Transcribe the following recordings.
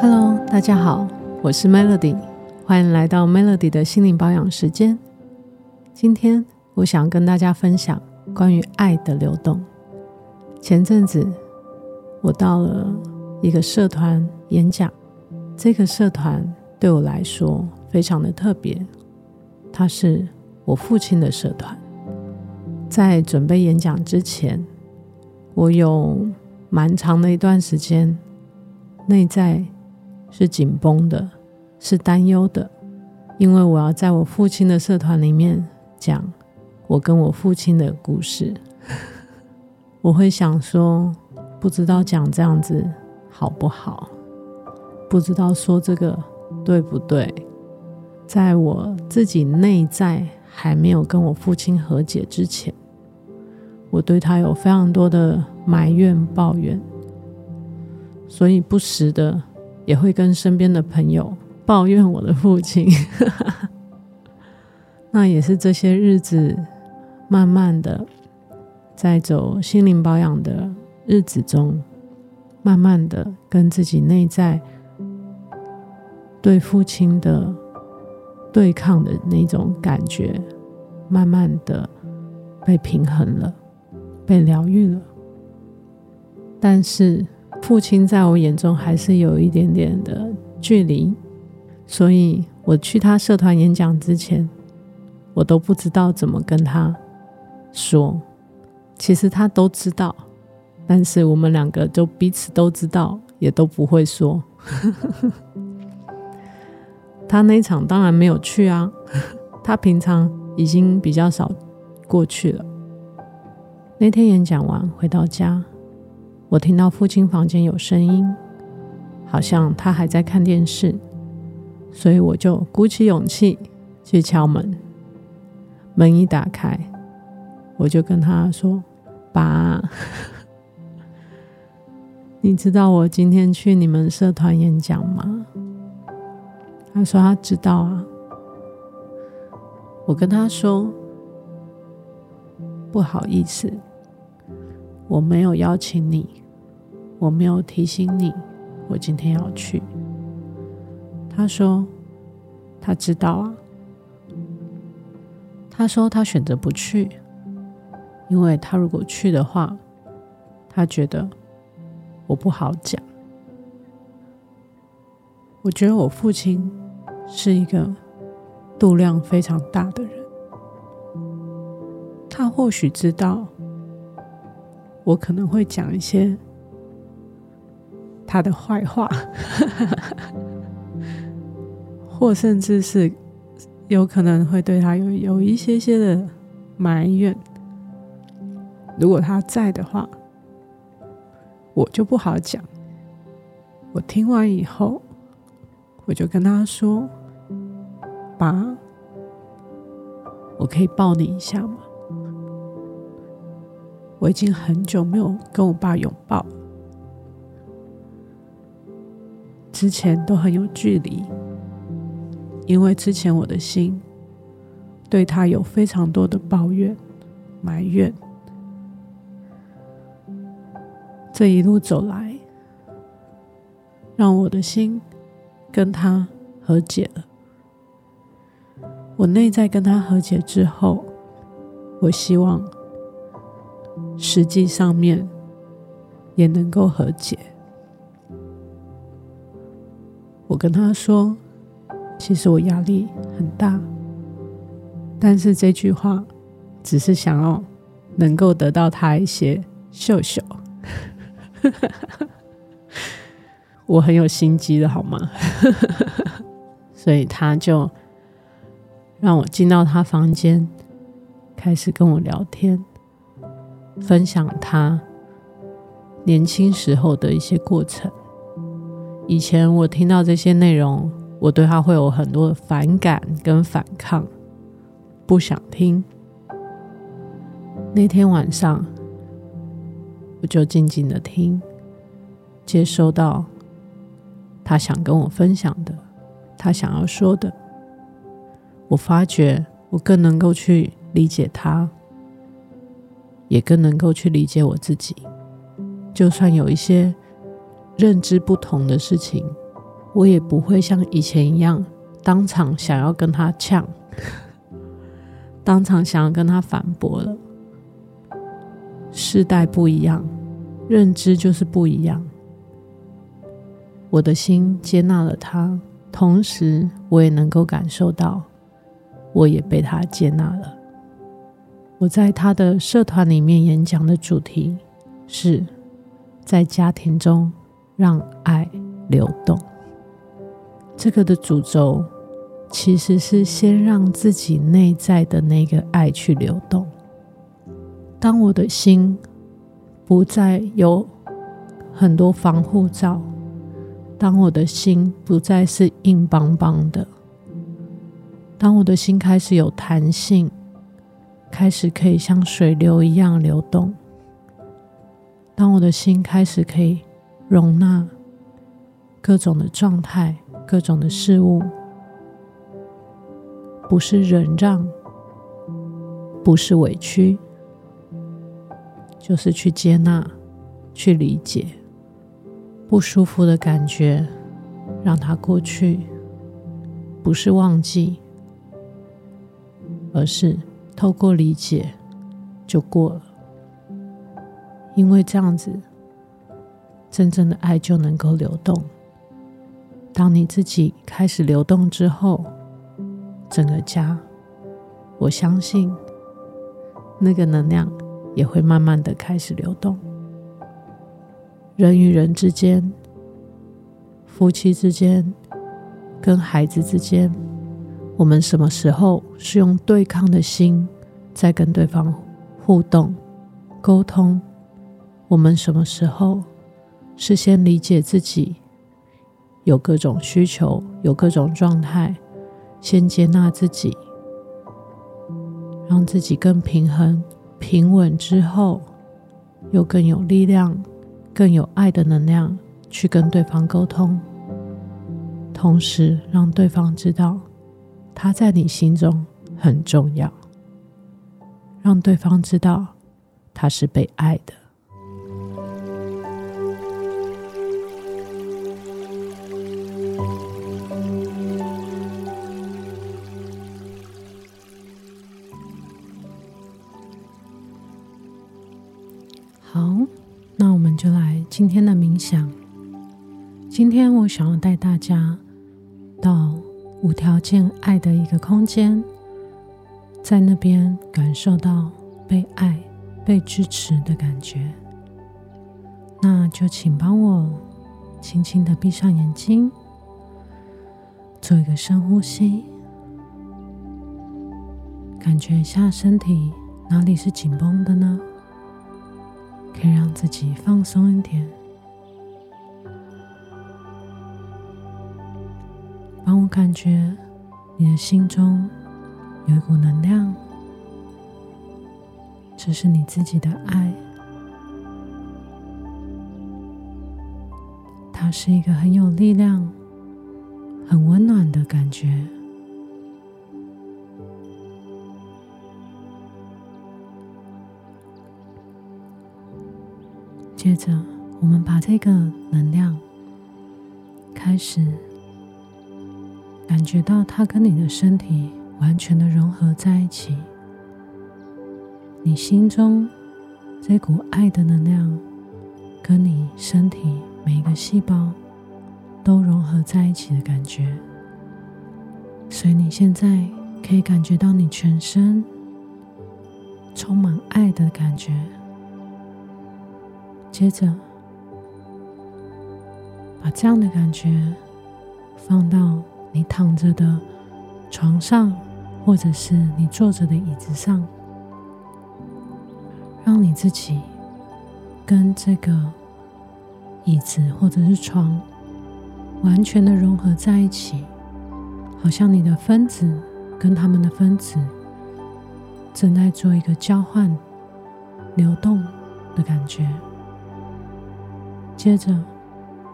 Hello，大家好，我是 Melody，歡迎來到 Melody 的心靈保養時間。今天我想跟大家分享關於愛的流動。前陣子我到了一個社團演講，這個社團對我來說非常的特別，它是我父親的社團。在準備演講之前，我有蠻長的一段時間內在，是緊繃的，是擔憂的，因為我要在我父親的社團裡面講我跟我父親的故事， 我會想說，不知道講這樣子好不好，不知道說這個對不對，在我自己內在還沒有跟我父親和解之前，我對他有非常多的埋怨抱怨，所以不時的。也會跟身邊的朋友抱怨我的父親， 那也是這些日子慢慢的在走心靈保養的日子中，慢慢的跟自己內在對父親的對抗的那種感覺，慢慢的被平衡了，被療癒了，但是。父親在我眼中還是有一點點的距離，所以我去他社團演講之前，我都不知道怎麼跟他說。其實他都知道，但是我們兩個都彼此都知道，也都不會說。 他那場當然沒有去啊，他平常已經比較少過去了。那天演講完回到家。我聽到父親房間有聲音，好像他還在看電視，所以我就鼓起勇氣去敲門。門一打開，我就跟他說：“爸， 你知道我今天去你們社團演講嗎？”他說他知道啊。我跟他說：“不好意思，我沒有邀請你。”我沒有提醒你，我今天要去。他說，他知道啊。他說他選擇不去，因為他如果去的話，他覺得我不好講。我覺得我父親是一個度量非常大的人，他或許知道我可能會講一些。他的壞話， 或甚至是有可能會對他有有一些些的埋怨。如果他在的話，我就不好講。我聽完以後，我就跟他說：“爸，我可以抱你一下嗎？我已經很久沒有跟我爸擁抱。”之前都很有距離，因為之前我的心對他有非常多的抱怨、埋怨。這一路走來，讓我的心跟他和解了。我內在跟他和解之後，我希望實際上面也能夠和解。我跟他說：“其實我壓力很大，但是這句話只是想要能夠得到他一些秀秀， 我很有心機的，好嗎？ 所以他就讓我進到他房間，開始跟我聊天，分享他年輕時候的一些過程。”以前我聽到這些內容，我對他會有很多的反感跟反抗，不想聽。那天晚上，我就靜靜的聽，接收到他想跟我分享的，他想要說的。我發覺我更能夠去理解他，也更能夠去理解我自己。就算有一些認知不同的事情，我也不會像以前一樣，當場想要跟他嗆，當場想要跟他反駁了。世代不一樣，認知就是不一樣。我的心接納了他，同時我也能夠感受到，我也被他接納了。我在他的社團裡面演講的主題是在家庭中。讓愛流動，這個的主軸其實是先讓自己內在的那個愛去流動。當我的心不再有很多防護罩，當我的心不再是硬邦邦的，當我的心開始有彈性，開始可以像水流一樣流動，當我的心開始可以，容納各種的狀態，各種的事物，不是忍讓，不是委屈，就是去接納、去理解。不舒服的感覺，讓它過去，不是忘記，而是透過理解就過了。因為這樣子。真正的愛就能夠流動。當你自己開始流動之後，整個家，我相信那個能量也會慢慢的開始流動。人與人之間，夫妻之間，跟孩子之間，我們什麼時候是用對抗的心在跟對方互動溝通？我們什麼時候？是先理解自己，有各種需求，有各種狀態，先接納自己，讓自己更平衡、平穩之後，又更有力量、更有愛的能量去跟對方溝通，同時讓對方知道他在你心中很重要，讓對方知道他是被愛的。今天我想要帶大家到無條件愛的一個空間，在那邊感受到被愛、被支持的感覺。那就請幫我輕輕的閉上眼睛，做一個深呼吸，感覺一下身體哪裡是緊繃的呢？可以讓自己放鬆一點。讓我感覺你的心中有一股能量，這是你自己的愛，它是一個很有力量、很溫暖的感覺。接着，我們把這個能量開始。感覺到它跟你的身體完全的融合在一起，你心中這股愛的能量跟你身體每一個細胞都融合在一起的感覺，所以你現在可以感覺到你全身充滿愛的感覺。接着，把這樣的感覺放到。你躺着的床上，或者是你坐着的椅子上，讓你自己跟這個椅子或者是床完全的融合在一起，好像你的分子跟他們的分子正在做一個交換、流動的感覺。接着，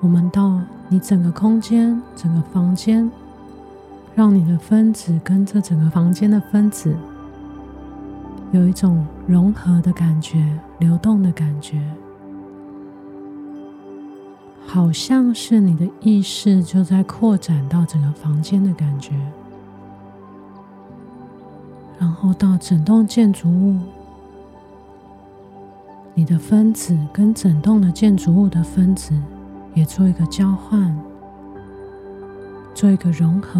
我們到你整個空間、整個房間。讓你的分子跟這整個房間的分子有一種融合的感覺，流動的感覺，好像是你的意識就在擴展到整個房間的感覺，然後到整棟建築物，你的分子跟整棟的建築物的分子也做一個交換，做一個融合。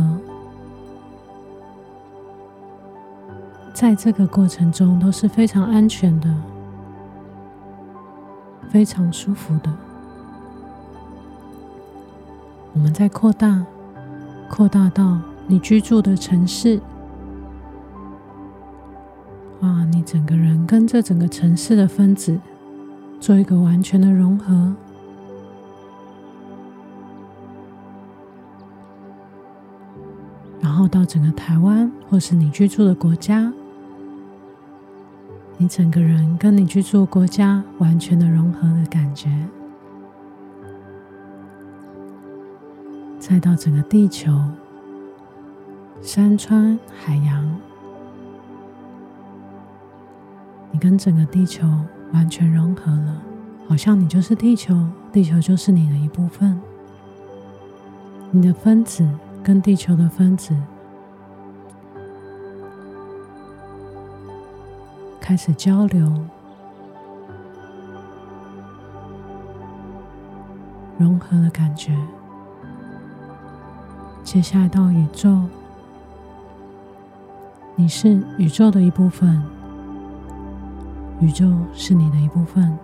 在這個過程中都是非常安全的，非常舒服的。我們再擴大，擴大到你居住的城市，啊，你整個人跟這整個城市的分子做一個完全的融合，然後到整個台灣或是你居住的國家。你整個人跟你居住國家完全的融合的感覺，再到整個地球、山川、海洋，你跟整個地球完全融合了，好像你就是地球，地球就是你的一部分，你的分子跟地球的分子，開始交流，融合的感覺。接下來到宇宙，你是宇宙的一部分，宇宙是你的一部分。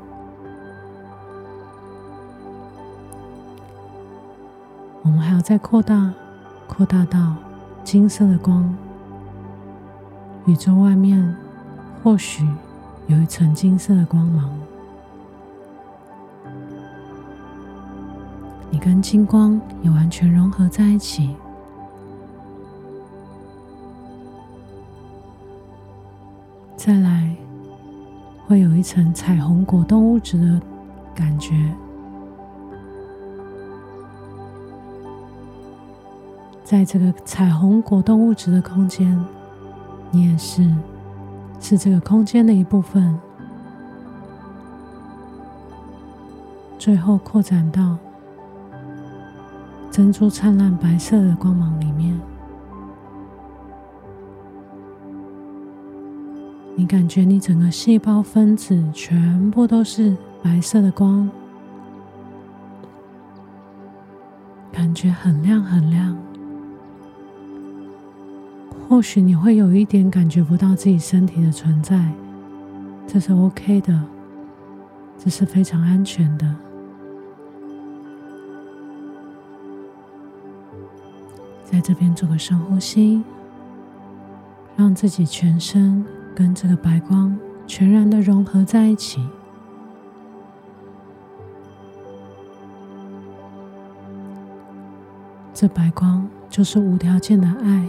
我們還要再擴大，擴大到金色的光，宇宙外面。或許有一層金色的光芒，你跟金光也完全融合在一起。再來，會有一層彩虹果凍物質的感覺。在這個彩虹果凍物質的空間，你也是。是這個空間的一部分，最後擴展到珍珠燦爛白色的光芒裡面。你感覺你整個細胞分子全部都是白色的光，感覺很亮很亮。或許你會有一點感覺不到自己身體的存在，這是 OK 的，這是非常安全的。在這邊做個深呼吸，讓自己全身跟這個白光全然的融合在一起。這白光就是無條件的愛。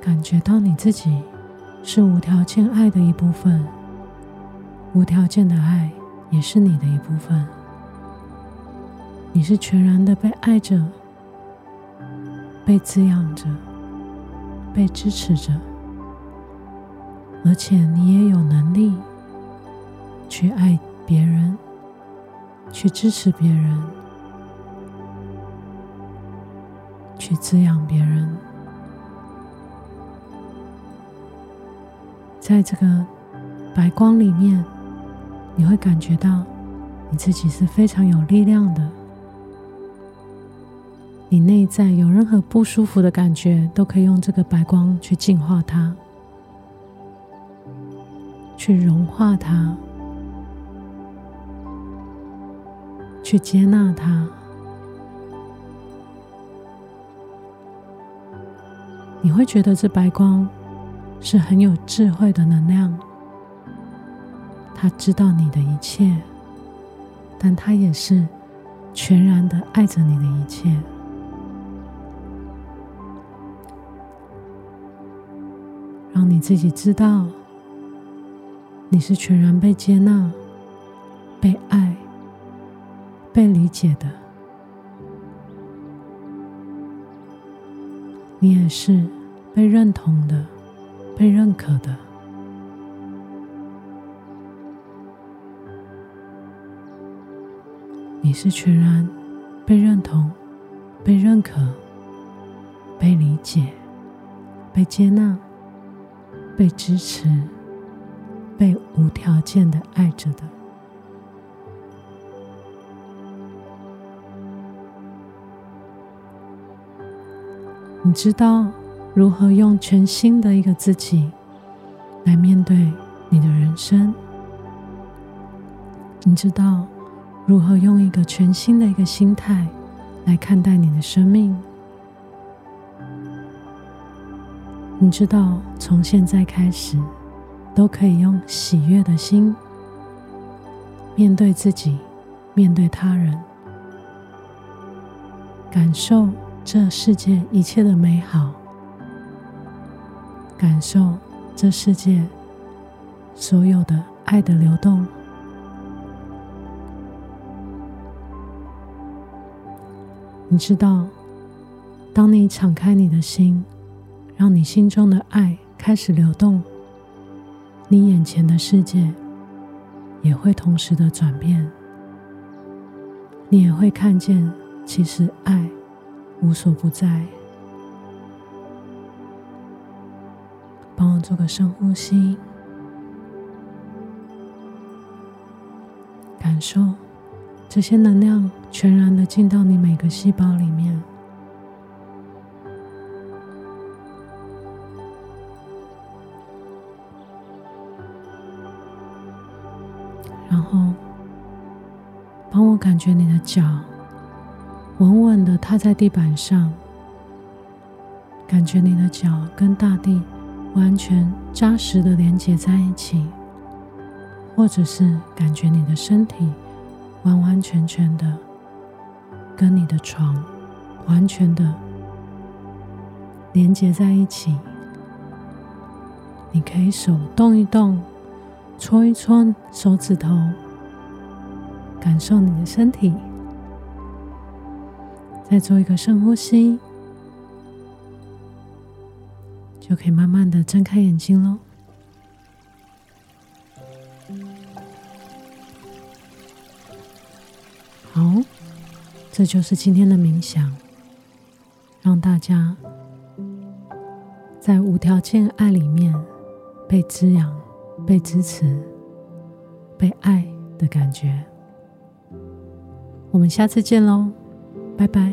感覺到你自己是無條件愛的一部分，無條件的愛也是你的一部分。你是全然的被愛着、被滋養着、被支持着，而且你也有能力去愛別人、去支持別人、去滋養別人。在這個白光裡面，你會感覺到你自己是非常有力量的。你內在有任何不舒服的感覺，都可以用這個白光去淨化它，去融化它，去接納它。你會覺得這白光，是很有智慧的能量，他知道你的一切，但他也是全然的愛着你的一切，讓你自己知道你是全然被接納、被愛、被理解的，你也是被認同的，被認可的，你是全然被認同、被認可、被理解、被接納、被支持、被無條件的愛着的。你知道。如何用全新的一個自己來面對你的人生？你知道如何用一個全新的一個心態來看待你的生命？你知道從現在開始都可以用喜悅的心面對自己，面對他人，感受這世界一切的美好。感受這世界所有的愛的流動。你知道，當你敞開你的心，讓你心中的愛開始流動，你眼前的世界也會同時的轉變。你也會看見，其實愛無所不在。幫我做個深呼吸，感受這些能量全然的進到你每個細胞裡面，然後幫我感覺你的腳穩穩的踏在地板上，感覺你的腳跟大地。完全扎實的連接在一起，或者是感覺你的身體完完全全的跟你的床完全的連接在一起。你可以手動一動，搓一搓手指頭，感受你的身體。再做一個深呼吸。就可以慢慢的睜開眼睛嘍。好，這就是今天的冥想，讓大家在無條件愛裡面被滋養、被支持、被愛的感覺。我們下次見嘍，拜拜。